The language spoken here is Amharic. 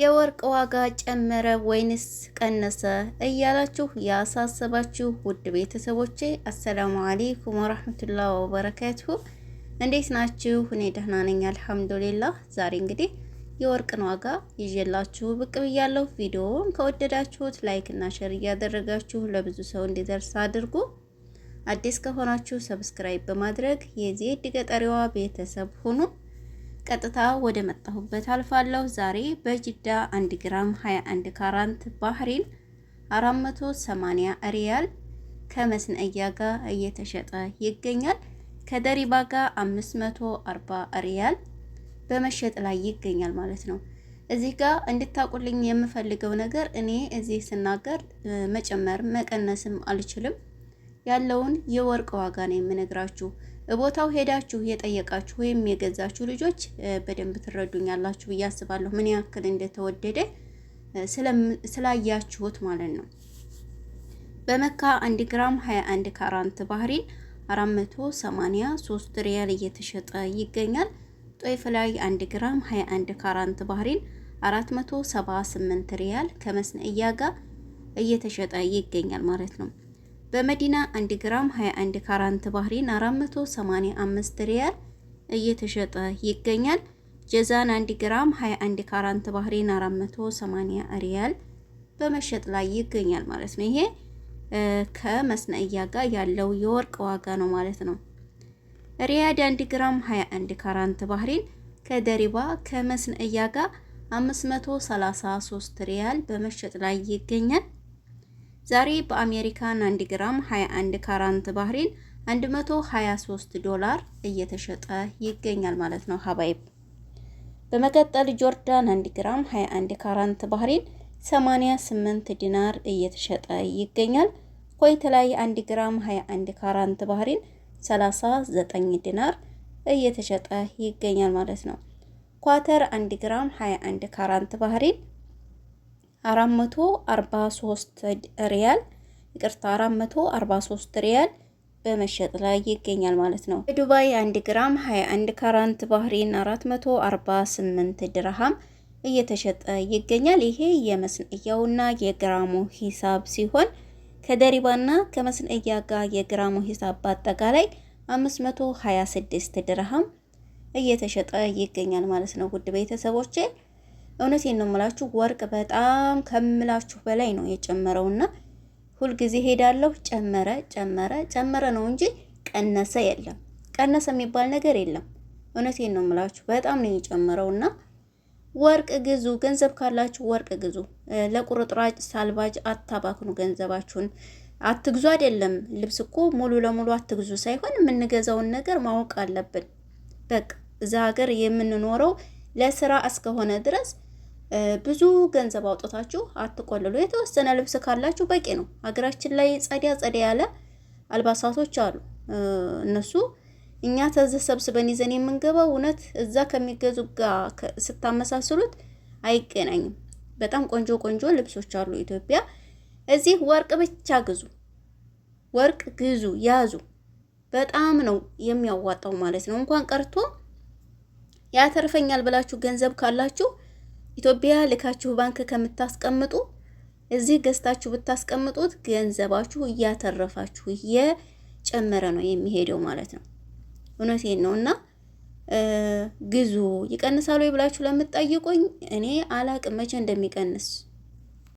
የወርቅ ዋጋ ጨመረ ወይንስ ቀነሰ እያላችሁ ያሳሰባችሁ ውድ ቤተሰቦቼ አሰላሙ አሌይኩም ወራህመቱላህ ወበረካቱሁ። እንዴት ናችሁ? እኔ ደህና ነኝ አልሐምዱሊላህ። ዛሬ እንግዲህ የወርቅን ዋጋ ይዤላችሁ ብቅ ብያለሁ። ቪዲዮውን ከወደዳችሁት ላይክ እና ሸር እያደረጋችሁ ለብዙ ሰው እንዲደርስ አድርጉ። አዲስ ከሆናችሁ ሰብስክራይብ በማድረግ የዜድ ገጠሪዋ ቤተሰብ ሁኑ። ቀጥታ ወደ መጣሁበት አልፋለሁ። ዛሬ በጅዳ 1 ግራም 21 ካራንት ባህሪን 480 ሪያል ከመስነእያ ጋር እየተሸጠ ይገኛል። ከደሪባ ጋር 540 ሪያል በመሸጥ ላይ ይገኛል ማለት ነው። እዚህ ጋር እንድታቁልኝ የምፈልገው ነገር እኔ እዚህ ስናገር መጨመር መቀነስም አልችልም። ያለውን የወርቅ ዋጋ ነው የምነግራችሁ። ቦታው ሄዳችሁ የጠየቃችሁ ወይም የገዛችሁ ልጆች በደንብ ትረዱኛላችሁ ብዬ አስባለሁ። ምን ያክል እንደተወደደ ስላያችሁት ማለት ነው። በመካ 1 ግራም 21 ካራንት ባህሪን 483 ሪያል እየተሸጠ ይገኛል። ጦይፍ ላይ 1 ግራም 21 ካራንት ባህሪን 478 ሪያል ከመስነእያ ጋር እየተሸጠ ይገኛል ማለት ነው። በመዲና 1 ግራም 21 ካራንት ባህሪን 485 ሪያል እየተሸጠ ይገኛል። ጀዛን 1 ግራም 21 ካራንት ባህሪን 480 ሪያል በመሸጥ ላይ ይገኛል ማለት ነው። ይሄ ከመስነእያ ጋር ያለው የወርቅ ዋጋ ነው ማለት ነው። ሪያድ 1 ግራም 21 ካራንት ባህሪን ከደሪባ ከመስነእያ ጋር 533 ሪያል በመሸጥ ላይ ይገኛል። ዛሬ በአሜሪካን 1 ግራም 21 ካራንት ባህሪን 123 ዶላር እየተሸጠ ይገኛል ማለት ነው ሀባይብ። በመቀጠል ጆርዳን 1 ግራም 21 ካራንት ባህሪን 88 ዲናር እየተሸጠ ይገኛል። ኮይት ላይ 1 ግራም 21 ካራንት ባህሪን 39 ዲናር እየተሸጠ ይገኛል ማለት ነው። ኳተር 1 ግራም 21 ካራንት ባህሪን 443 ሪያል ይቅርታ 443 ሪያል በመሸጥ ላይ ይገኛል ማለት ነው። በዱባይ 1 ግራም 21 ካራንት ባህሪን 448 ድርሃም እየተሸጠ ይገኛል። ይሄ የመስንእያውና የግራሙ ሂሳብ ሲሆን ከደሪባና ከመስንእያ ጋር የግራሙ ሂሳብ በአጠቃላይ 526 ድርሃም እየተሸጠ ይገኛል ማለት ነው። ውድ ቤተሰቦቼ እውነቴን ነው የምላችሁ ወርቅ በጣም ከምላችሁ በላይ ነው የጨመረውና ሁልጊዜ ሄዳለሁ ጨመረ ጨመረ ጨመረ ነው እንጂ ቀነሰ የለም። ቀነሰ የሚባል ነገር የለም። እውነቴን ነው የምላችሁ በጣም ነው የጨመረውና ወርቅ ግዙ። ገንዘብ ካላችሁ ወርቅ ግዙ። ለቁርጥራጭ ሳልባጅ አታባክኑ ገንዘባችሁን። አትግዙ አይደለም ልብስ እኮ ሙሉ ለሙሉ አትግዙ ሳይሆን የምንገዛውን ነገር ማወቅ አለብን። በቃ እዛ ሀገር የምንኖረው ለስራ እስከሆነ ድረስ ብዙ ገንዘብ አውጥታችሁ አትቆልሉ። የተወሰነ ልብስ ካላችሁ በቂ ነው። ሀገራችን ላይ ጸዲያ ጸዲያ ያለ አልባሳቶች አሉ። እነሱ እኛ ተዝህ ሰብስበን ይዘን የምንገባው እውነት እዛ ከሚገዙ ጋር ስታመሳስሉት አይገናኝም። በጣም ቆንጆ ቆንጆ ልብሶች አሉ ኢትዮጵያ። እዚህ ወርቅ ብቻ ግዙ፣ ወርቅ ግዙ፣ ያዙ። በጣም ነው የሚያዋጣው ማለት ነው። እንኳን ቀርቶ ያተርፈኛል ብላችሁ ገንዘብ ካላችሁ ኢትዮጵያ ልካችሁ ባንክ ከምታስቀምጡ እዚህ ገዝታችሁ ብታስቀምጡት ገንዘባችሁ እያተረፋችሁ እየጨመረ ነው የሚሄደው ማለት ነው። እውነቴን ነው እና ግዙ። ይቀንሳሉ ብላችሁ ለምትጠይቁኝ እኔ አላቅም መቼ እንደሚቀንስ